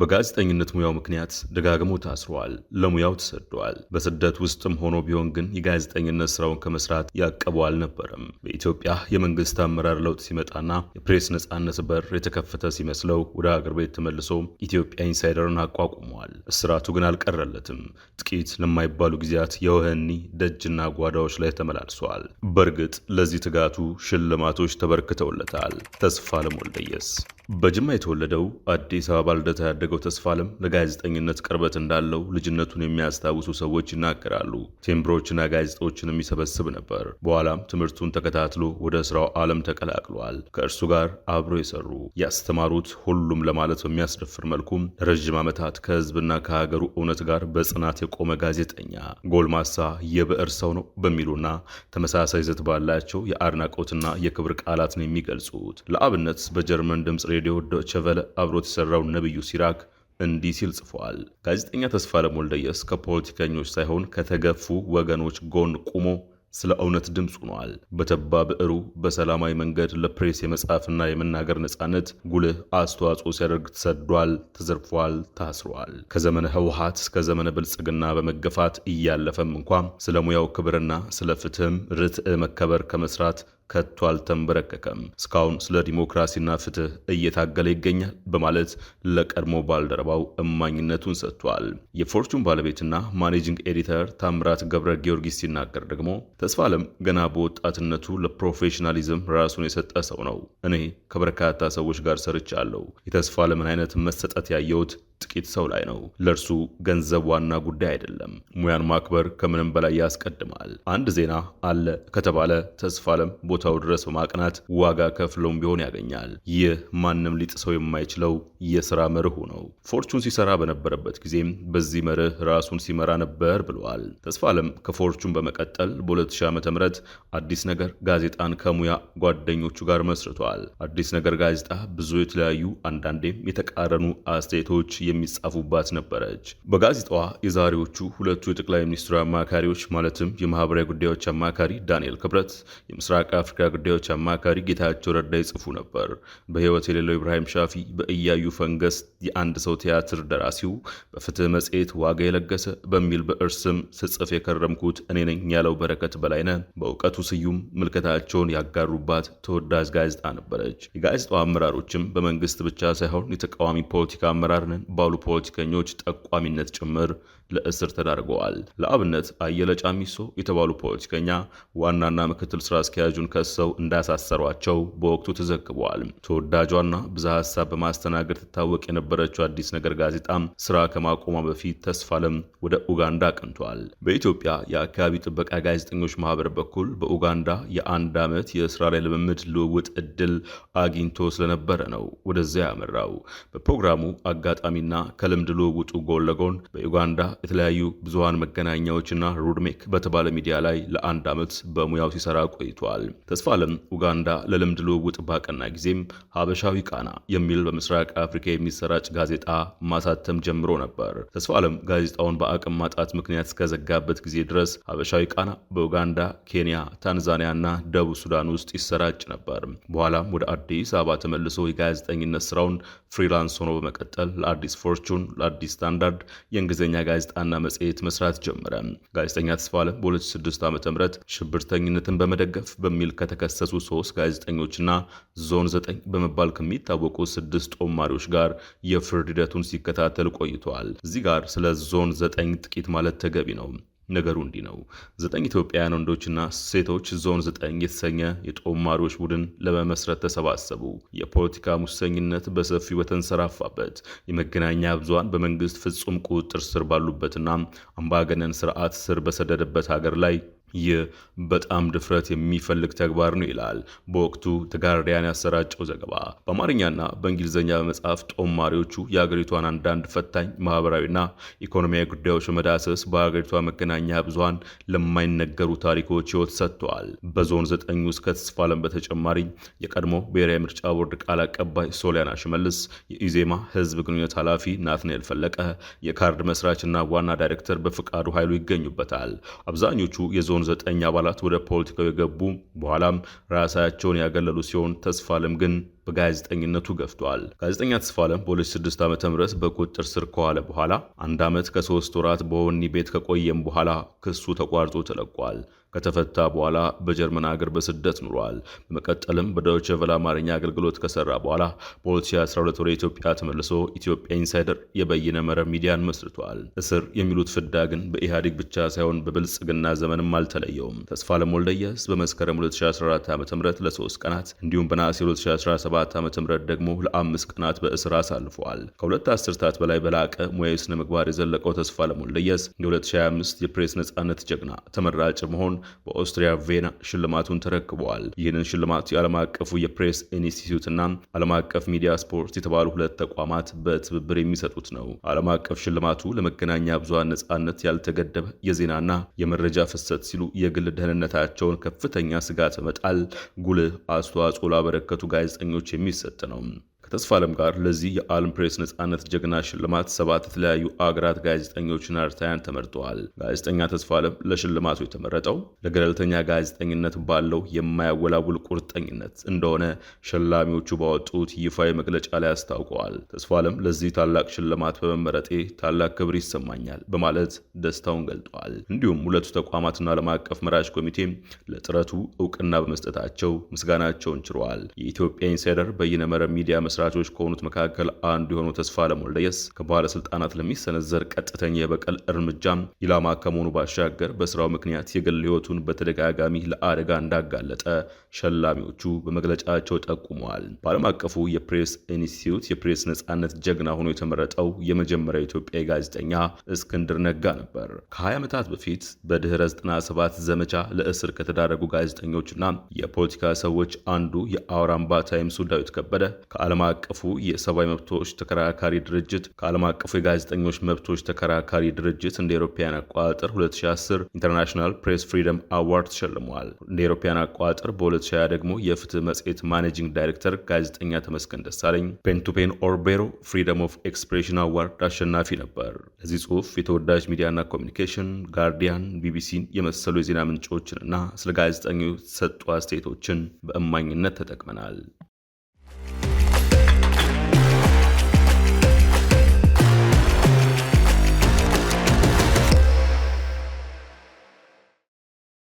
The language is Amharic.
በጋዜጠኝነት ሙያው ምክንያት ደጋግሞ ታስሯል። ለሙያው ተሰደዋል። በስደት ውስጥም ሆኖ ቢሆን ግን የጋዜጠኝነት ስራውን ከመስራት ያቀቡ አልነበረም። በኢትዮጵያ የመንግስት አመራር ለውጥ ሲመጣና የፕሬስ ነፃነት በር የተከፈተ ሲመስለው ወደ አገር ቤት ተመልሶ ኢትዮጵያ ኢንሳይደርን አቋቁመዋል። እስራቱ ግን አልቀረለትም። ጥቂት ለማይባሉ ጊዜያት የወህኒ ደጅና ጓዳዎች ላይ ተመላልሷል። በእርግጥ ለዚህ ትጋቱ ሽልማቶች ተበርክተውለታል። ተስፋለም ወልደየስ በጅማ የተወለደው አዲስ አበባ ልደታ ያደገው ተስፋ አለም ለጋዜጠኝነት ቅርበት እንዳለው ልጅነቱን የሚያስታውሱ ሰዎች ይናገራሉ። ቴምብሮችና ጋዜጦችን የሚሰበስብ ነበር። በኋላም ትምህርቱን ተከታትሎ ወደ ስራው ዓለም ተቀላቅሏል። ከእርሱ ጋር አብሮ የሰሩ ያስተማሩት ሁሉም ለማለት በሚያስደፍር መልኩም ለረዥም ዓመታት ከህዝብና ከሀገሩ እውነት ጋር በጽናት የቆመ ጋዜጠኛ ጎልማሳ የብዕር ሰው ነው በሚሉና ተመሳሳይ ይዘት ባላቸው የአድናቆትና የክብር ቃላትን የሚገልጹት ለአብነት በጀርመን ድምፅ ሬዲዮ ዶይቼ ቬለ አብሮት የሠራው ነቢዩ ሲራክ እንዲህ ሲል ጽፏል። ጋዜጠኛ ተስፋለም ወልደየስ ከፖለቲከኞች ሳይሆን ከተገፉ ወገኖች ጎን ቁሞ ስለ እውነት ድምፅ ሆኗል። በተባ ብዕሩ በሰላማዊ መንገድ ለፕሬስ የመጻፍና የመናገር ነፃነት ጉልህ አስተዋጽኦ ሲያደርግ ተሰዷል፣ ተዘርፏል፣ ታስሯል። ከዘመነ ህወሓት እስከ ዘመነ ብልጽግና በመገፋት እያለፈም እንኳ ስለ ሙያው ክብርና ስለ ፍትህም ርትዕ መከበር ከመስራት ከቶ አልተንበረከከም፣ እስካሁን ስለ ዲሞክራሲና ፍትህ እየታገለ ይገኛል በማለት ለቀድሞ ባልደረባው እማኝነቱን ሰጥቷል። የፎርቹን ባለቤትና ማኔጂንግ ኤዲተር ታምራት ገብረ ጊዮርጊስ ሲናገር ደግሞ ተስፋ ዓለም ገና በወጣትነቱ ለፕሮፌሽናሊዝም ራሱን የሰጠ ሰው ነው። እኔ ከበርካታ ሰዎች ጋር ሰርቻለሁ። የተስፋ ዓለምን አይነት መሰጠት ያየሁት ጥቂት ሰው ላይ ነው። ለእርሱ ገንዘብ ዋና ጉዳይ አይደለም። ሙያን ማክበር ከምንም በላይ ያስቀድማል። አንድ ዜና አለ ከተባለ ተስፋ አለም ቦታው ድረስ በማቅናት ዋጋ ከፍሎም ቢሆን ያገኛል። ይህ ማንም ሊጥሰው የማይችለው የስራ መርሁ ነው። ፎርቹን ሲሰራ በነበረበት ጊዜም በዚህ መርህ ራሱን ሲመራ ነበር ብለዋል። ተስፋ ከፎርቹን በመቀጠል በ2000 ዓ ም አዲስ ነገር ጋዜጣን ከሙያ ጓደኞቹ ጋር መስርቷል። አዲስ ነገር ጋዜጣ ብዙ የተለያዩ አንዳንዴም የተቃረኑ አስተያየቶች የሚጻፉባት ነበረች። በጋዜጣዋ የዛሬዎቹ ሁለቱ የጠቅላይ ሚኒስትሩ አማካሪዎች ማለትም የማህበራዊ ጉዳዮች አማካሪ ዳንኤል ክብረት፣ የምስራቅ አፍሪካ ጉዳዮች አማካሪ ጌታቸው ረዳ ይጽፉ ነበር። በህይወት የሌለው ኢብራሂም ሻፊ በእያዩ ፈንገስ የአንድ ሰው ቲያትር ደራሲው በፍትህ መጽሔት ዋጋ የለገሰ በሚል በእርስም ስጽፍ የከረምኩት እኔ ነኝ ያለው በረከት በላይነህ በእውቀቱ ስዩም ምልከታቸውን ያጋሩባት ተወዳጅ ጋዜጣ ነበረች። የጋዜጣዋ አመራሮችም በመንግስት ብቻ ሳይሆን የተቃዋሚ ፖለቲካ አመራርንን ባሉ ፖለቲከኞች ጠቋሚነት ጭምር ለእስር ተዳርገዋል። ለአብነት አየለ ጫሚሶ የተባሉ ፖለቲከኛ ዋናና ምክትል ስራ አስኪያጁን ከሰው እንዳሳሰሯቸው በወቅቱ ተዘግበዋል። ተወዳጇና ብዙ ሀሳብ በማስተናገድ ትታወቅ የነበረችው አዲስ ነገር ጋዜጣ ስራ ከማቆሟ በፊት ተስፋለም ወደ ኡጋንዳ አቅንቷል። በኢትዮጵያ የአካባቢ ጥበቃ ጋዜጠኞች ማህበር በኩል በኡጋንዳ የአንድ ዓመት የስራ ላይ ልምምድ ልውውጥ እድል አግኝቶ ስለነበረ ነው ወደዚያ ያመራው። በፕሮግራሙ አጋጣሚ ከኢኮኖሚና ከልምድ ልውውጡ ጎን ለጎን በዩጋንዳ የተለያዩ ብዙሀን መገናኛዎችና ሩድሜክ በተባለ ሚዲያ ላይ ለአንድ ዓመት በሙያው ሲሰራ ቆይቷል። ተስፋ አለም ኡጋንዳ ለልምድ ልውውጥ ባቀና ጊዜም ሀበሻዊ ቃና የሚል በምስራቅ አፍሪካ የሚሰራጭ ጋዜጣ ማሳተም ጀምሮ ነበር። ተስፋ ጋዜጣውን በአቅም ማጣት ምክንያት እስከዘጋበት ጊዜ ድረስ ሀበሻዊ ቃና በኡጋንዳ፣ ኬንያ፣ ታንዛኒያ እና ደቡብ ሱዳን ውስጥ ይሰራጭ ነበር። በኋላም ወደ አዲስ አበባ ተመልሶ የጋዜጠኝነት ስራውን ፍሪላንስ ሆኖ በመቀጠል ለአዲስ ታይምስ፣ ፎርቹን፣ ለአዲስ ስታንዳርድ፣ የእንግሊዝኛ ጋዜጣና መጽሔት መስራት ጀመረ። ጋዜጠኛ ተስፋ አለም በ2006 ዓ ም ሽብርተኝነትን በመደገፍ በሚል ከተከሰሱ ሶስት ጋዜጠኞችና ዞን ዘጠኝ በመባል ከሚታወቁ ስድስት ጦማሪዎች ጋር የፍርድ ሂደቱን ሲከታተል ቆይተዋል። እዚህ ጋር ስለ ዞን ዘጠኝ ጥቂት ማለት ተገቢ ነው። ነገሩ እንዲህ ነው። ዘጠኝ ኢትዮጵያውያን ወንዶችና ሴቶች ዞን ዘጠኝ የተሰኘ የጦማሪዎች ቡድን ለመመስረት ተሰባሰቡ። የፖለቲካ ሙሰኝነት በሰፊው በተንሰራፋበት የመገናኛ ብዙሃን በመንግስት ፍጹም ቁጥጥር ስር ባሉበትና አምባገነን ስርዓት ስር በሰደደበት ሀገር ላይ ይህ በጣም ድፍረት የሚፈልግ ተግባር ነው ይላል በወቅቱ ተጋርዲያን ያሰራጨው ዘገባ። በአማርኛና በእንግሊዝኛ በመጽሐፍ ጦማሪዎቹ የአገሪቷን አንዳንድ ፈታኝ ማህበራዊና ኢኮኖሚያዊ ጉዳዮች መዳሰስ በአገሪቷ መገናኛ ብዙኃን ለማይነገሩ ታሪኮች ህይወት ሰጥተዋል። በዞን ዘጠኝ ውስጥ ከተስፋ በተጨማሪ የቀድሞ ብሔራዊ ምርጫ ቦርድ ቃል አቀባይ ሶሊያና ሽመልስ፣ የኢዜማ ህዝብ ግንኙነት ኃላፊ ናትናኤል ፈለቀ፣ የካርድ መስራችና ዋና ዳይሬክተር በፍቃዱ ኃይሉ ይገኙበታል። አብዛኞቹ የዞን ያላቸውን ዘጠኝ አባላት ወደ ፖለቲካው የገቡ በኋላም ራሳቸውን ያገለሉ ሲሆን ተስፋለም ግን በጋዜጠኝነቱ ገፍቷል። ጋዜጠኛ ተስፋ በ2006 ዓ ም በቁጥጥር ስር ከዋለ በኋላ አንድ ዓመት ከሶስት ወራት በወህኒ ቤት ከቆየም በኋላ ክሱ ተቋርጦ ተለቋል። ከተፈታ በኋላ በጀርመን ሀገር በስደት ኑሯል። በመቀጠልም በዶይቼ ቬለ አማርኛ አገልግሎት ከሰራ በኋላ በ2012 ወደ ኢትዮጵያ ተመልሶ ኢትዮጵያ ኢንሳይደር የበይነ መረብ ሚዲያን መስርቷል። እስር የሚሉት ፍዳ ግን በኢህአዴግ ብቻ ሳይሆን በብልጽግና ዘመንም አልተለየውም። ተስፋ አለም ወልደየስ በመስከረም 2014 ዓ ም ለሶስት ቀናት እንዲሁም በነሐሴ 2017 2007 ዓ.ም ደግሞ ለአምስት ቀናት በእስር አሳልፈዋል። ከሁለት አስርታት በላይ በላቀ ሙያዊ ስነ ምግባር የዘለቀው ተስፋ ለሞለየስ የ2025 የፕሬስ ነጻነት ጀግና ተመራጭ መሆን በኦስትሪያ ቬና ሽልማቱን ተረክበዋል። ይህንን ሽልማቱ የዓለም አቀፉ የፕሬስ ና ዓለም አቀፍ ሚዲያ ስፖርት የተባሉ ሁለት ተቋማት በትብብር የሚሰጡት ነው። ዓለም አቀፍ ሽልማቱ ለመገናኛ ብዙሃን ነጻነት፣ ያልተገደበ የዜናና የመረጃ ፍሰት ሲሉ የግል ደህንነታቸውን ከፍተኛ ስጋት በመጣል ጉልህ አስተዋጽኦ ላበረከቱ ጋዜጠኞች የሚሰጥ ነው። ተስፋ አለም ጋር ለዚህ የዓለም ፕሬስ ነጻነት ጀግና ሽልማት ሰባት የተለያዩ አገራት ጋዜጠኞችን አርታያን ተመርጠዋል። ጋዜጠኛ ተስፋ አለም ለሽልማቱ የተመረጠው ለገለልተኛ ጋዜጠኝነት ባለው የማያወላውል ቁርጠኝነት እንደሆነ ሸላሚዎቹ ባወጡት ይፋዊ መግለጫ ላይ አስታውቀዋል። ተስፋ ለዚህ ታላቅ ሽልማት በመመረጤ ታላቅ ክብር ይሰማኛል በማለት ደስታውን ገልጠዋል። እንዲሁም ሁለቱ ተቋማትና ዓለም አቀፍ መራጭ ኮሚቴ ለጥረቱ እውቅና በመስጠታቸው ምስጋናቸውን ችረዋል። የኢትዮጵያ ኢንሳይደር በይነመረብ ሚዲያ መስራት መስራቾች ከሆኑት መካከል አንዱ የሆነው ተስፋለም ወልደየስ ከባለስልጣናት ለሚሰነዘር ቀጥተኛ የበቀል እርምጃ ኢላማ ከመሆኑ ባሻገር በስራው ምክንያት የግል ህይወቱን በተደጋጋሚ ለአደጋ እንዳጋለጠ ሸላሚዎቹ በመግለጫቸው ጠቁመዋል። በዓለም አቀፉ የፕሬስ ኢንስቲትዩት የፕሬስ ነፃነት ጀግና ሆኖ የተመረጠው የመጀመሪያው ኢትዮጵያዊ ጋዜጠኛ እስክንድር ነጋ ነበር። ከ20 ዓመታት በፊት በድኅረ 97 ዘመቻ ለእስር ከተዳረጉ ጋዜጠኞችና የፖለቲካ ሰዎች አንዱ የአውራምባ ታይምሱ ዳዊት ከበደ ከዓለም አቀፉ የሰብአዊ መብቶች ተከራካሪ ድርጅት ከዓለም አቀፉ የጋዜጠኞች መብቶች ተከራካሪ ድርጅት እንደ ኤሮፓያን አቆጣጠር 2010 ኢንተርናሽናል ፕሬስ ፍሪደም አዋርድ ተሸልመዋል። እንደ ኤሮፓያን አቆጣጠር በ2020 ደግሞ የፍትህ መጽሔት ማኔጂንግ ዳይሬክተር ጋዜጠኛ ተመስገን ደሳለኝ ፔንቱፔን ኦርቤሮ ፍሪደም ኦፍ ኤክስፕሬሽን አዋርድ አሸናፊ ነበር። ለዚህ ጽሁፍ የተወዳጅ ሚዲያና ኮሚኒኬሽን፣ ጋርዲያን፣ ቢቢሲን የመሰሉ የዜና ምንጮችንና ስለ ጋዜጠኞች የተሰጡ አስተያየቶችን በእማኝነት ተጠቅመናል።